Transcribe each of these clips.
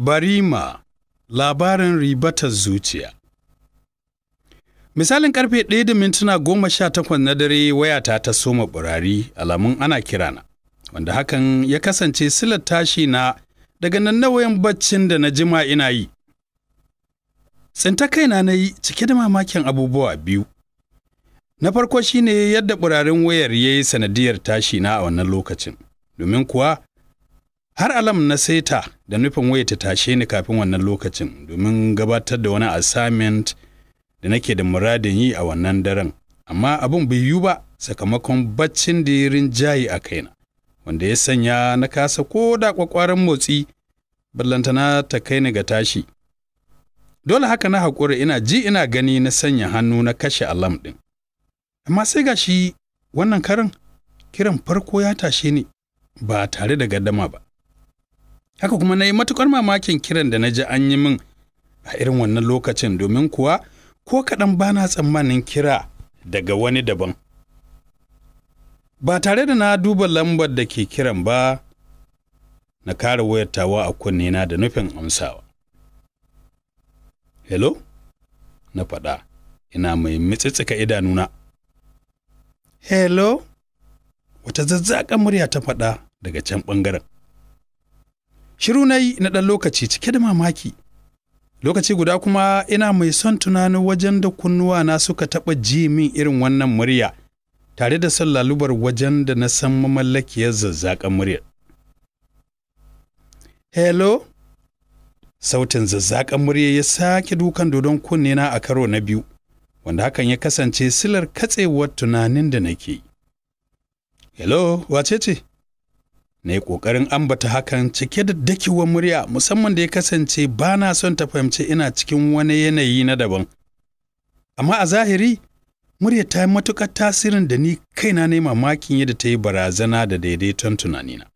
Barima labarin ribata zuciya. Misalin karfe ɗaya da mintuna goma sha takwas na dare wayata ta soma burari alamun ana kirana, wanda hakan ya kasance silar tashi na daga nan nauyin baccin da na jima ina yi. Tsinta kaina na yi cike da mamakin abubuwa biyu. Na farko shine yadda burarin wayar ya yi sanadiyar tashi na a wannan lokacin, domin kuwa har alam na Saita da nufin waya ta tashe ni kafin wannan lokacin domin gabatar da wani assignment da nake da muradin yi a wannan daren amma abin bai yiwu ba sakamakon baccin da ya rinjaye a kaina wanda ya sanya na kasa ko da kwakwaran motsi ballantana ta kai ni ga tashi dole haka na haƙura ina ji ina gani na sanya hannu na kashe alam ɗin amma sai gashi wannan karin kiran farko ya tashe ni ba tare da gaddama ba haka kuma na yi matukar mamakin kiran da na ji an yi min a irin wannan lokacin domin kuwa ko kaɗan ba na tsammanin kira daga wani daban ba tare da na duba lambar da ke kiran ba na kare wayar tawa a na da nufin amsawa hello na faɗa ina mai mitsitsika idanuna hello wata zazzaƙan murya ta faɗa daga can ɓangaren Shiru na yi na ɗan lokaci cike da mamaki. Lokaci guda kuma ina mai son tunanin wajen da kunnuwa na suka taɓa ji min irin wannan murya, tare da son lalubar wajen da na san mamallakiyar zazzaƙan muryar. Hello? Sautin zazzaƙan murya ya sake dukan dodon kunne na a karo na biyu, wanda hakan ya kasance silar katsewar tunanin da nake. Hello, wace ce? na yi ƙoƙarin ambata hakan cike da dakewar murya musamman da ya kasance ba na son ta fahimci ina cikin wani yanayi na daban amma a zahiri murya ta yi matuƙar tasirin da ni kaina ne mamakin yadda ta yi barazana da daidaiton tunanina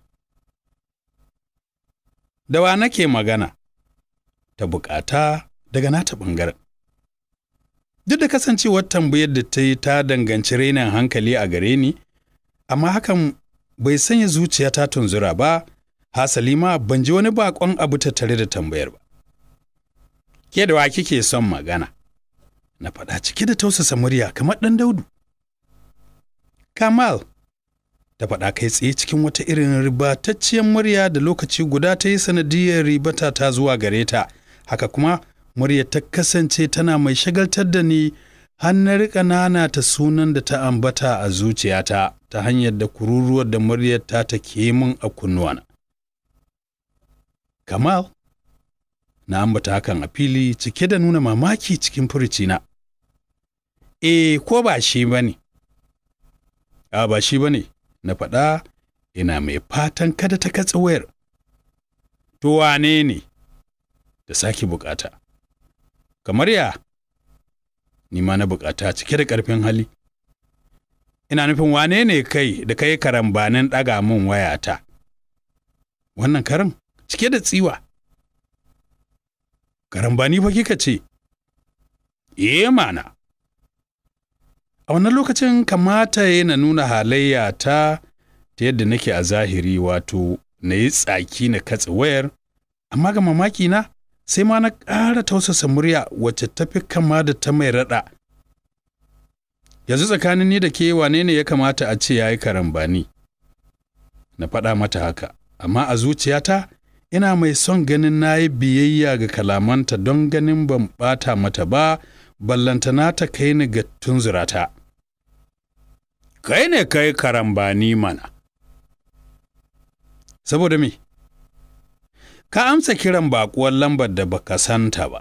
da wa nake magana ta bukata daga nata ɓangaren duk da kasancewar tambayar da ta yi ta danganci rainin hankali a gare ni amma hakan bai sanya zuciya ta tunzura ba, hasali ma ban ji wani bakon abu tattare da tambayar ba. Ke da wa kike son magana? Na faɗa cike da tausasa murya kamar ɗan daudu. Kamal, ta faɗa kai tsaye cikin wata irin ribatacciyar murya da lokaci guda ta yi sanadiyar ribata ta zuwa gare ta, haka kuma murya ta kasance tana mai shagaltar da ni Hannar ƙanana ta sunan da ta ambata a zuciyata ta hanyar da kururuwar da muryarta ta ke min a kunnuwana. Kamal, na ambata hakan a fili cike da nuna mamaki cikin furicina. E, eh, ko ba shi ba ne? A ba shi ba ne, na faɗa ina mai fatan kada ta katse wayar. To wane ne? Da sake bukata. Kamar ya, ni ma na bukata cike da ƙarfin hali ina nufin wane ne kai da kai karambanin ɗaga mun wayata wannan karin cike da tsiwa karambani fa kika ce eh mana a wannan lokacin kamata yana nuna halayya ta ta yadda nake a zahiri wato na yi tsaki na katse wayar amma ga mamaki na sai ma na ƙara tausasa murya wacce ta fi kama da ta mai raɗa. Yanzu tsakanin ni da ke wane ne ya kamata a ce ya yi karambani. Na faɗa mata haka, amma a zuciyata ina mai son ganin na yi biyayya ga kalamanta don ganin ban ɓata mata ba, na ta kai ni ga tunzurata. Kai ne kai karambani mana. Saboda me? ka amsa kiran bakuwar lambar da baka santa ba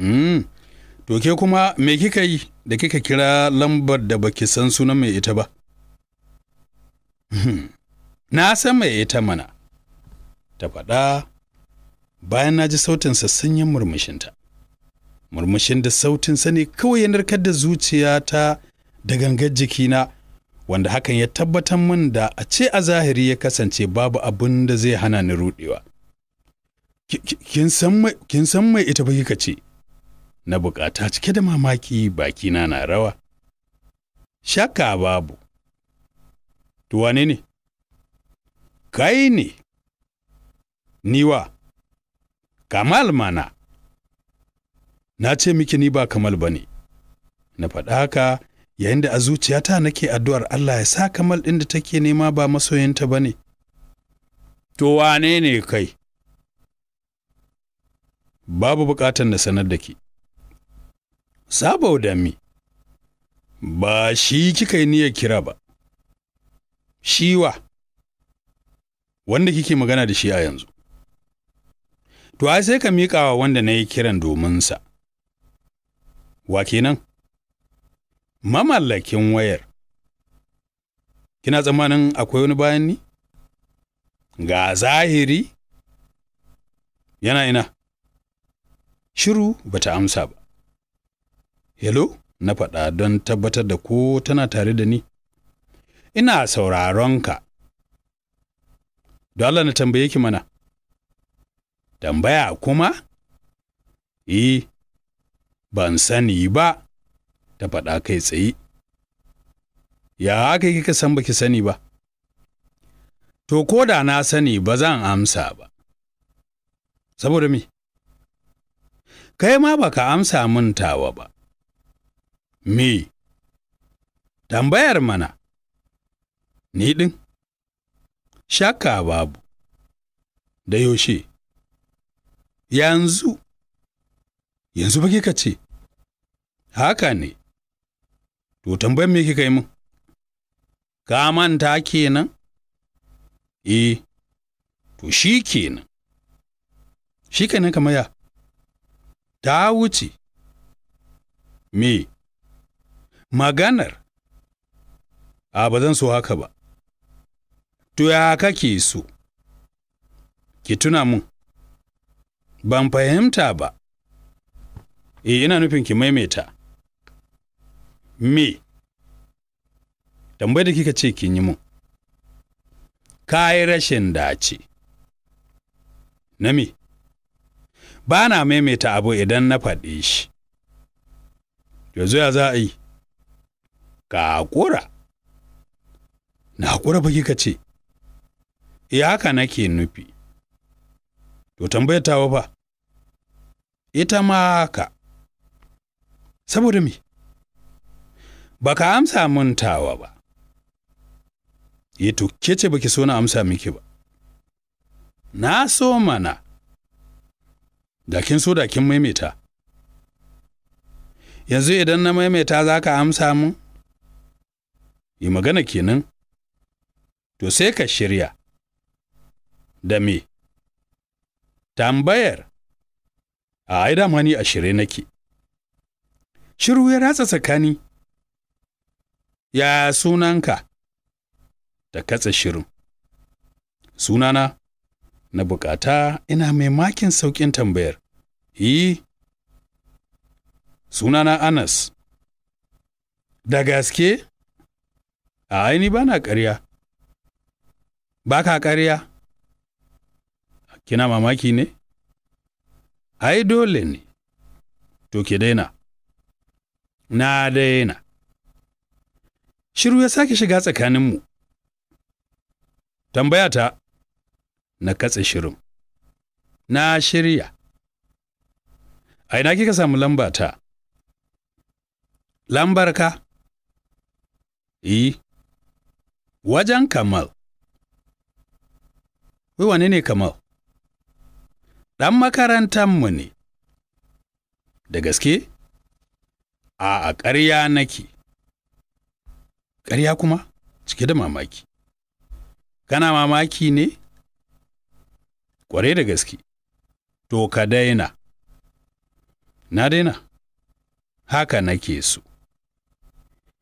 hmm. to ke kuma me kika yi da kika kira lambar da baki san sunan mai ita ba hmm. na san mai ita mana ta faɗa bayan na ji sautinsa sanyin murmushinta murmushin da sautinsa ne kawai ya narkar da zuciyata da gangar jikina wanda hakan ya tabbatar min da a ce a zahiri ya kasance babu abin da zai hana ni ruɗewa Kin san mai ita ba kika ce, na bukata cike da mamaki bakina na rawa. Shaka babu. Tuwane ne? Kai ne, niwa, Kamal mana. Na ce miki ni ba Kamal ba ne, na faɗa haka yayin da a zuciyata nake addu'ar Allah ya sa Kamal ɗin da take nema ba masoyinta ba ne. To ne kai? babu buƙatan na sanar da ke. da mi, ba shi kika yi niyyar kira ba, shi wa, wanda kike magana da shi a yanzu. To, ai sai ka miƙa wa wanda na yi kiran dominsa. Wa kenan? Mamallakin wayar. Kina tsammanin akwai wani bayan ni? Ga zahiri? Yana ina. Shiru ba ta amsa ba. Hello? Na faɗa don tabbatar da ko tana tare da ni. Ina sauraron ka. Dole na tambaye ki mana. Tambaya kuma? Eh, ban sani ba, ta faɗa kai tsaye. Ya haka kika san baki sani ba? To, ko da na sani ba zan amsa ba. Saboda me? kai ma ba ka amsa min tawa ba. Me? Tambayar mana, ni ɗin? Shakka babu, da yaushe, yanzu, yanzu ba kika ce, haka ne, to tambayar me kika yi min? Ka manta kenan? Eh, to shi kenan. Shi kenan kamar ya. ta wuce me maganar a ba zan so haka ba to ya kake so ki tuna mun ban fahimta ba e ina nufin ki maimaita me tambayi da kika ce kin yi mun ka yi rashin dace na ba na maimaita abu idan na faɗe shi yanzu ya za a yi ka kura, na kura ba kika ce ya eh, haka nake nufi to tambayar tawa ba ita ma haka saboda me ba ka amsa mun tawa ba yato eh, ke ce baki so na amsa miki ba na so mana da kin so da kin maimaita yanzu idan na maimaita za ka amsa mun yi magana kenan to sai ka shirya da me tambayar a aida mani a shirye nake shiru ya ratsa tsakani ya sunanka ta katse shirin sunana na bukata ina mai makin sauƙin tambayar. Yi, sunana Anas. Da gaske? A aini ba na ƙarya. Ba ka ƙarya? Kina mamaki ne? Ai dole ne. To ke daina. Na daina. Shiru ya sake shiga tsakaninmu. Tambaya ta. na katse shirin. Na shirya. A ina kika samu lamba ta? Lambar ka? Yi. E. Wajen Kamal. Wai wane ne Kamal? Ɗan mu ne. Da gaske? A a ƙarya nake. Ƙarya kuma? Cike da mamaki. Kana mamaki ne? Kware da gaske to ka daina na daina haka nake so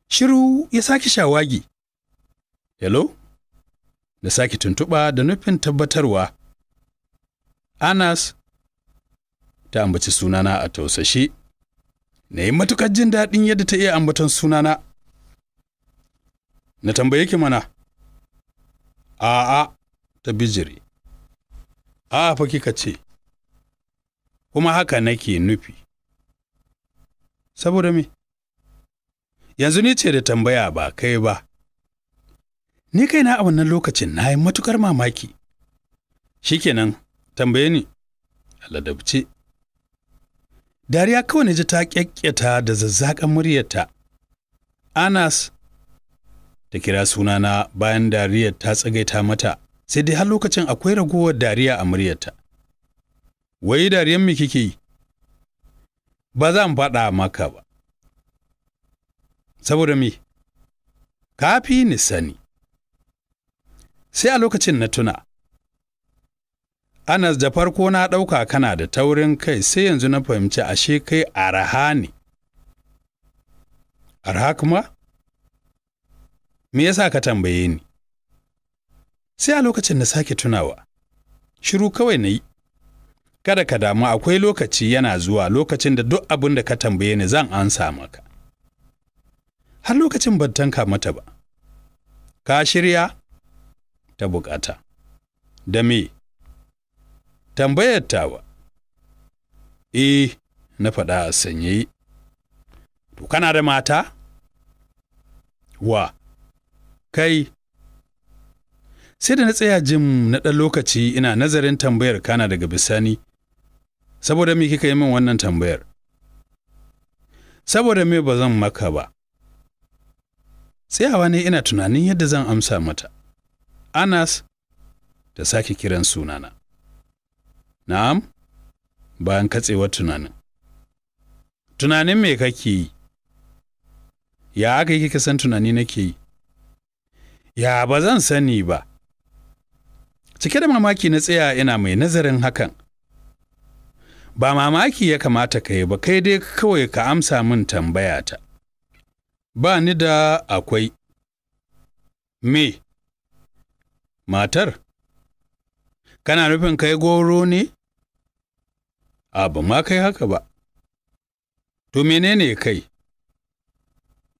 shiru ya sake shawagi hello da sake tuntuɓa da nufin tabbatarwa anas ta ambaci sunana a tausashe na yi matukar jin daɗin yadda ta iya ambaton sunana na tambaye ki mana a'a ta bijire a fa kika ce kuma haka nake nufi saboda me yanzu ni ce da tambaya ba kai ba ni kai na a wannan lokacin na yi matukar mamaki shikenan tambaye ni ladabce dariya kawai na ji ta kyakkyata da zazzakan muryarta anas ta kira sunana bayan dariyar ta tsagaita mata sai dai har lokacin akwai ragowar dariya a muryarta. Wai dariyan me kike yi? Ba za mu faɗa maka ba. Saboda me? fi ni sani. Sai a lokacin na tuna. Anas da farko na ɗauka kana da taurin kai sai yanzu na fahimci ashe kai araha ne. Arha kuma? Me yasa ka tambaye ni? sai a lokacin na sake tunawa shiru kawai na yi kada ka damu akwai lokaci yana zuwa lokacin da duk abin da ka tambaye ni zan ansa maka har lokacin ban tanka mata ba ka shirya ta bukata da me tambayar wa? eh na faɗa a sanye to kana da mata wa kai sai da na tsaya jim na ɗan lokaci ina nazarin tambayar kana daga bisani saboda me kika yi min wannan tambayar saboda me ba zan maka ba tsayawa ne ina tunanin yadda zan amsa mata anas ta sake kiran sunana na'am bayan katsewar tunanin tunanin me kake yi ya aka yi kika san tunani nake yi ya ba zan sani ba Cike da mamaki na tsaya ina mai nazarin hakan. Ba mamaki ya kamata ka yi ba, kai dai kawai ka amsa min tambayata. Ba ni da akwai. Me? Matar? Kana nufin kai goro ne? A ba ma kai haka ba. To menene kai?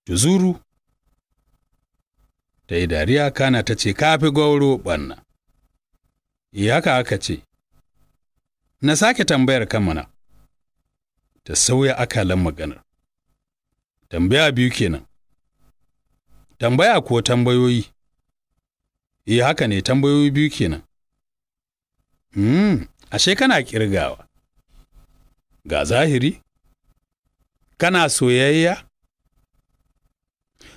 Tuzuru. Ta yi dariya kana ta ce, kafi gauro goro ɓanna. ka aka ce, Na sake tambayar kan mana, ta sauya akalan maganar. Tambaya biyu kenan. Tambaya ko tambayoyi? E, haka ne tambayoyi biyu kenan. Hmm, ashe kana kirgawa. Ga zahiri? Kana soyayya?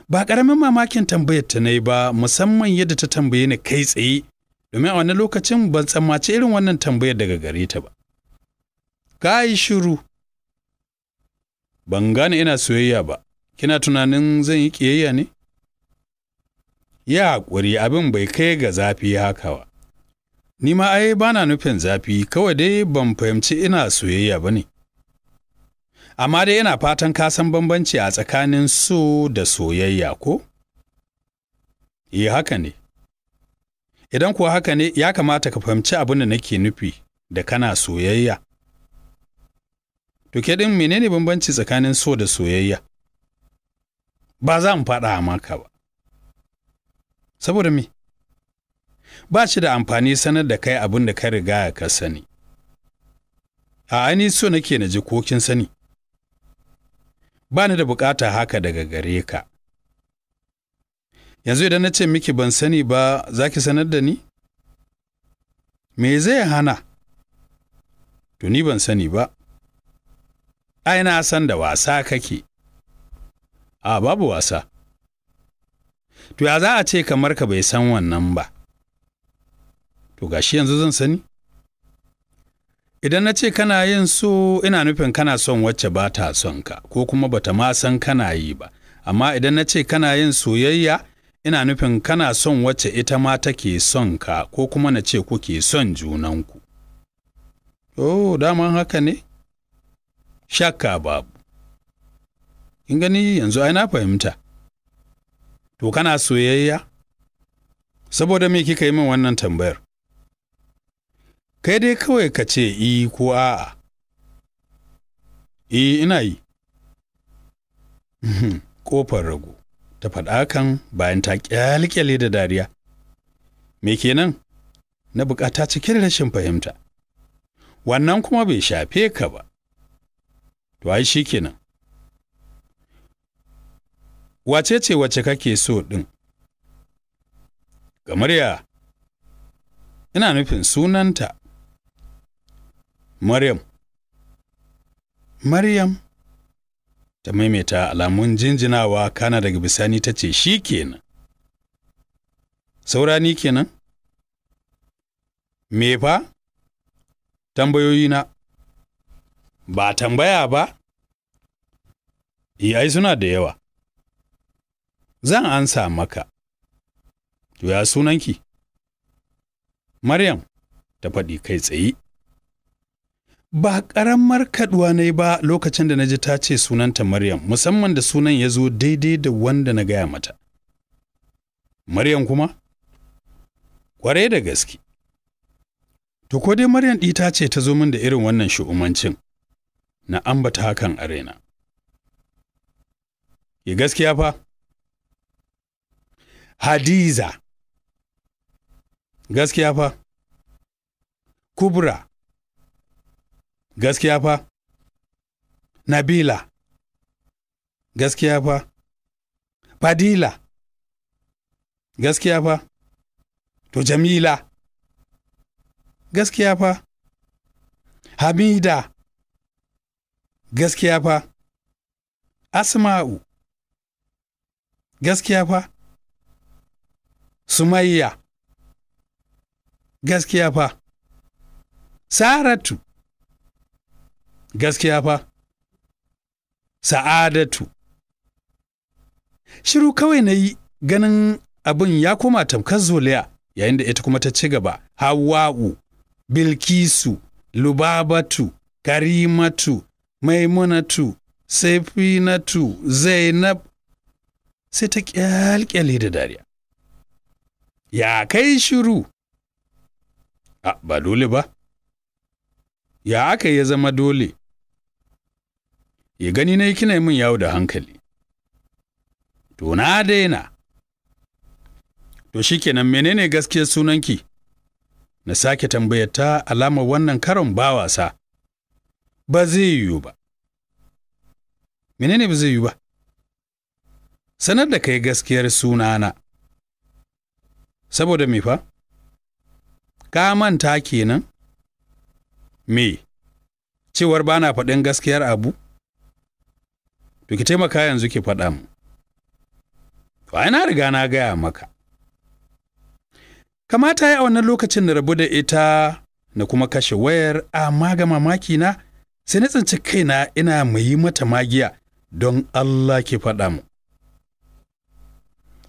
Ba ƙaramin mamakin tambayar ta na ba musamman yadda ta tambaye ni kai tsaye domin a wani lokacin ban tsammaci irin wannan tambayar daga gare ta ba. Ka yi shiru. Ban gane ina soyayya ba, kina tunanin zan yi ƙiyayya ne? Ya haƙuri abin bai kai ga zafi haka ba. Ni ma ai ba na nufin zafi kawai dai ban fahimci ina soyayya ba ne. Amma dai ina fatan ka san bambanci a tsakanin so da soyayya ko? Eh haka ne. Idan kuwa haka ne ya kamata ka fahimci abin da nake nufi da kana soyayya. To ke ɗin menene bambanci tsakanin so da soyayya? Ba za mu faɗa maka ba. Saboda me? Ba shi da amfani sanar da kai abin da ka riga ka sani. A ni so nake na ji ko kin sani. Ba ni da bukata haka daga gare ka. Yanzu idan na ce miki ban sani ba za ki sanar da ni? Me zai hana? To ni ban sani ba. Ai na san da wasa kake. A babu wasa. To ya za a ce kamar ka bai san wannan ba. To gashi yanzu zan sani? Idan na ce kana yin so ina nufin kana son wacce ba ta son ka ko kuma bata ma san kana yi ba. Amma idan na ce kana yin soyayya ina nufin kana son wacce ita ma take son ka ko kuma na ce kuke son junanku. Oh, daman haka ne? Shakka babu. In gani yanzu ai na fahimta. To kana soyayya? Saboda me kika yi min wannan tambayar? Kai dai kawai ka ce i ko a'a. I ina yi. Kofar rago. ta faɗa kan bayan ta ƙyalƙyale da dariya. Me kenan? Na bukata cikin rashin fahimta. Wannan kuma bai shafe ka ba. To ai shi kenan. Wace ce wacce kake so ɗin? Gamarya, ina nufin sunanta. Maryam. Maryam. ta maimaita alamun jinjinawa kana daga bisani ta ce shi kenan saurani kenan me fa tambayoyina ba tambaya ba iyai eh, suna da yawa zan ansa maka to ya sunanki maryam ta faɗi kai tsaye Ba ƙaramar kaduwa na ba lokacin da na ji ta ce sunanta Maryam, musamman da sunan ya zo daidai da wanda na gaya mata. Maryam kuma? Ƙwarai da gaske. To ko dai Maryam ɗi ta ce ta zo min da irin wannan shu'umancin, na ambata hakan a raina. Yi gaskiya fa? Hadiza. Gaskiya fa? Kubra. gaskiya fa nabila gaskiya fa fadila gaskiya fa to jamila gaskiya fa hamida gaskiya fa asma'u gaskiya fa sumayya gaskiya fa saratu gaskiya fa sa'adatu shiru kawai na yi ganin abin ya koma tamkar zoliya yayin da ita kuma ta ci gaba hawa'u bilkisu lubabatu karimatu maimunatu saifinatu zainab sai ta kyalkyale da dariya ya kai shiru a ba dole ba ya aka ya zama dole ya gani na yi kina min yawo da hankali to na daina to shi kenan menene gaskiyar sunanki na sake tambayar ta alamar wannan karon ba wasa ba zai yiwu ba menene ba zai yiwu ba sanar da kai gaskiyar sunana saboda me fa ka manta kenan me cewar bana faɗin gaskiyar abu to ki taimaka yanzu ki faɗa mu to ai na riga na gaya maka kamata ya wannan lokacin na rabu da ita na kuma kashe wayar amma ga mamaki na sai na tsinci kaina ina mai mata magiya don Allah ki faɗa mu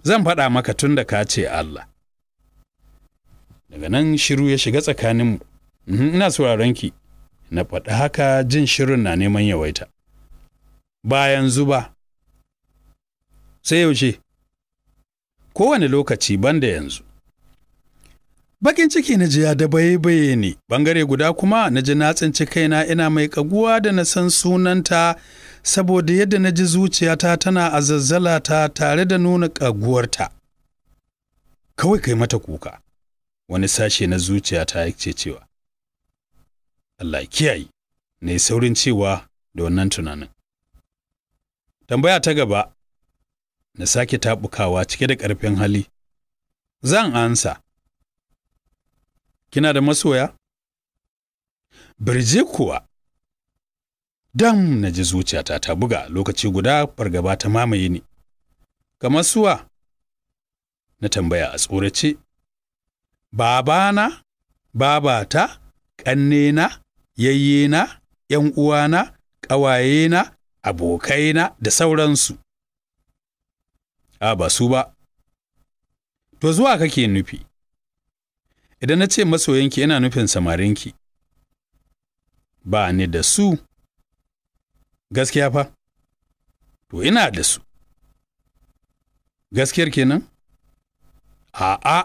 zan faɗa maka tun da ka ce Allah daga nan shiru ya shiga tsakaninmu mhm, ina sauraron ki na faɗi haka jin shirin na neman yawaita ba yanzu ba, sai yaushe, kowane lokaci banda yanzu. Bakin ciki na ji ya baye ne, bangare guda kuma na ji na tsinci kaina ina mai kaguwa da na san sunanta saboda yadda na ji zuciyata tana a zazzala ta tare da nuna kaguwarta. Kawai kai mata kuka, wani sashe na zuciyata ya ce cewa. Allah kiyaye, na yi saurin cewa da wannan tunanin. Tambaya ta gaba, na sake taɓukawa cike da ƙarfin hali. Zan ansa. Kina da masoya? birji kuwa. Dam na ji zuciyata ta buga lokaci guda fargaba ta mamaye ni. Kamar suwa? Na tambaya a tsorace. Babana, babata, ƙannena, yayyena, ‘yan uwana, ƙawayena, abokaina da sauransu a ba su ba to zuwa kake nufi idan na ce masoyanki yana nufin samarinki ba ni da su gaskiya fa to ina da su gaskiyar kenan a'a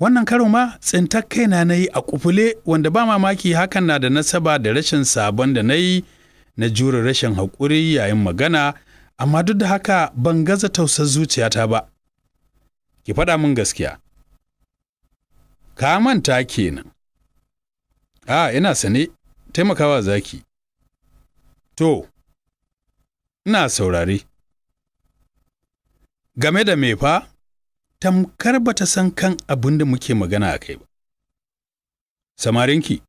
wannan karo ma tsintar kaina na yi a kufule wanda ba mamaki hakan na da nasaba da rashin sabon da na yi na jure rashin haƙuri yayin magana, amma duk da haka ban gaza tausar zuciyata ba. Ki faɗa min gaskiya. Ka manta kenan. A, ina sane, taimakawa zaki. To, ina saurari. Game da me fa, tamkar ba ta san kan abin da muke magana a kai ba. Samarinki,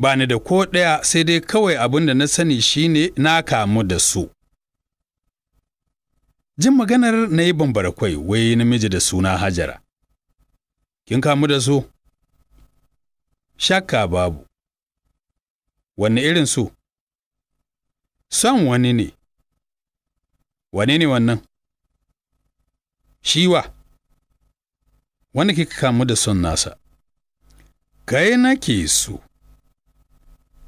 ba ni da ko ɗaya sai dai kawai abin da na sani shine na kamu da su. Jin maganar na yi bambara kwai wai namiji da suna Hajara. Kin kamu da su? Shakka babu. Wanne irin su? Son wani ne. Wane ne wannan? Shiwa. Wanda kika kamu da son nasa. Kai nake so.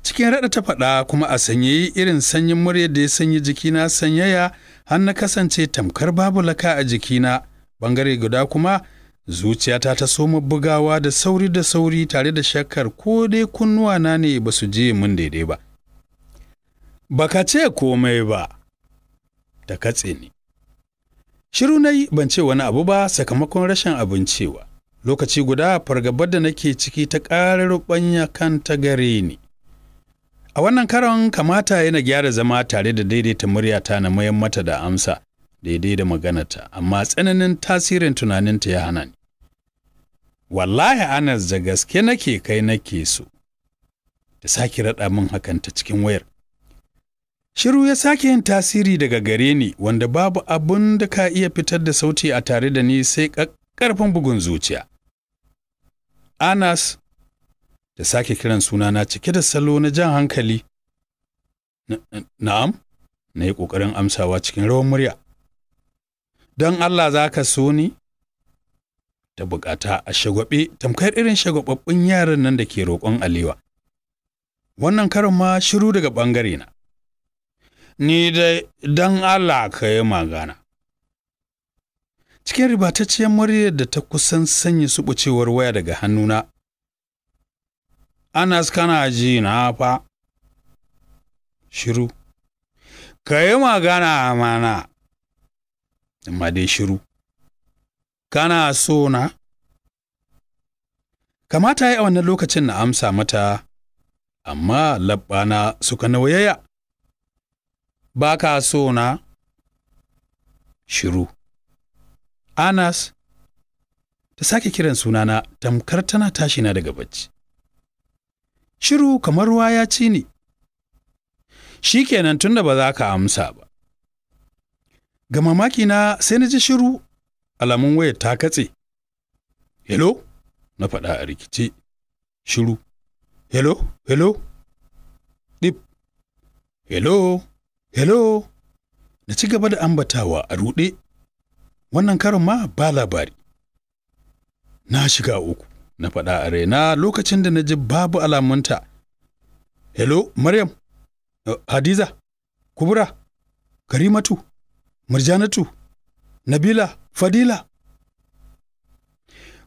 cikin raɗa ta faɗa kuma a sanyayi irin sanyin murya da ya sanyi jikina sanyaya har na kasance tamkar babu laka a jikina ɓangare guda kuma zuciyata ta soma bugawa da sauri da sauri tare da shakkar ko dai kunnuwa na ne ba su je mun daidai ba baka ce komai ba ta katse ni shiru na yi ban ce wani abu ba sakamakon rashin abin cewa lokaci guda fargabar da nake ciki ta ƙara ruɓanya kan ta gare ni A wannan karon kamata yana gyara zama tare da daidaita muryata na mayan mata da amsa daidai da maganata, amma tsananin tasirin tunaninta ya hana ni. Wallahi Anas da gaske nake kai nake so. Da sake raɗa min hakan ta cikin wayar. Shiru ya sake yin tasiri daga gare ni wanda babu abun da ka iya fitar da sauti a tare da ni sai ƙarfin bugun zuciya. Anas da sake kiran sunana cike da salo na jan hankali. Na'am, na yi ƙoƙarin amsawa cikin rawan murya. Don Allah za ka so ni? Ta bukata a shagwaɓe tamkar irin shagwaɓaɓɓun yaran nan da ke roƙon alewa. Wannan karin ma shiru daga ɓangare na. Ni dai don Allah ka yi magana. Cikin ribatacciyar muryar da ta kusan sanya suɓucewar waya daga hannuna Anas kana ji na fa. Shiru. Ka yi magana mana. Amma dai shiru. Kana so na? Kamata yi a wannan lokacin na amsa mata, amma labbana suka nauyaya. Ba ka so na? Shiru. Anas, ta sake kiran sunana tamkar tana tashi na daga bacci. shiru kamar ruwa ya ci ne. Shi kenan tun da ba za ka amsa ba. Ga mamaki na sai na ji shiru alamun wayar ta katse. Hello? Na faɗa a rikice. Shiru. Hello? Hello? Dip. Hello? Hello? Na ci gaba da ambatawa a ruɗe. Wannan karon ma ba labari. Na shiga uku. na faɗa a raina lokacin da na ji babu alamunta. Hello, Maryam, uh, Hadiza, Kubura, Karimatu, Murjanatu, Nabila, Fadila.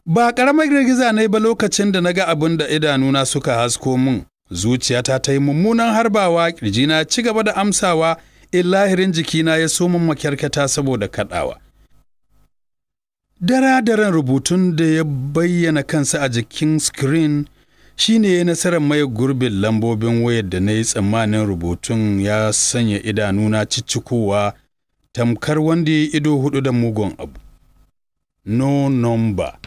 Ba ƙaramar girgiza na ba lokacin da na ga abin da idanuna suka hasko mun, zuciyata ta yi mummunan harbawa, ƙirjina ci gaba da amsawa, in lahirin jikina ya so mun makyarkata saboda kaɗawa. Dara-daren rubutun da ya bayyana kansa a jikin screen ne ya nasarar mai gurbin lambobin wayar da na yi tsammanin rubutun ya sanya idanuna ciccikowa tamkar wanda ya ido hudu da mugun abu. No number.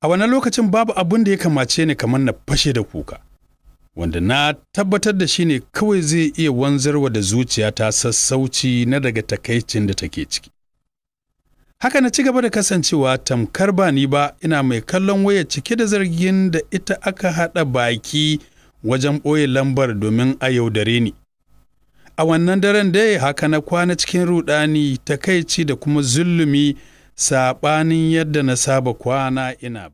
A wani lokacin babu abin da ya kamace ni kamar na fashe da kuka, wanda na tabbatar da shi ne kawai zai iya wanzarwa da zuciya ta sassauci na daga takaicin da take ciki. Haka na ci gaba da kasancewa tamkar ba ni ba ina mai kallon waya cike da zargin da ita aka haɗa baki wajen ɓoye lambar domin a yaudare ni. A wannan daren dai haka na kwana cikin ruɗani, takaici da kuma zulumi saɓanin yadda na saba kwana ina.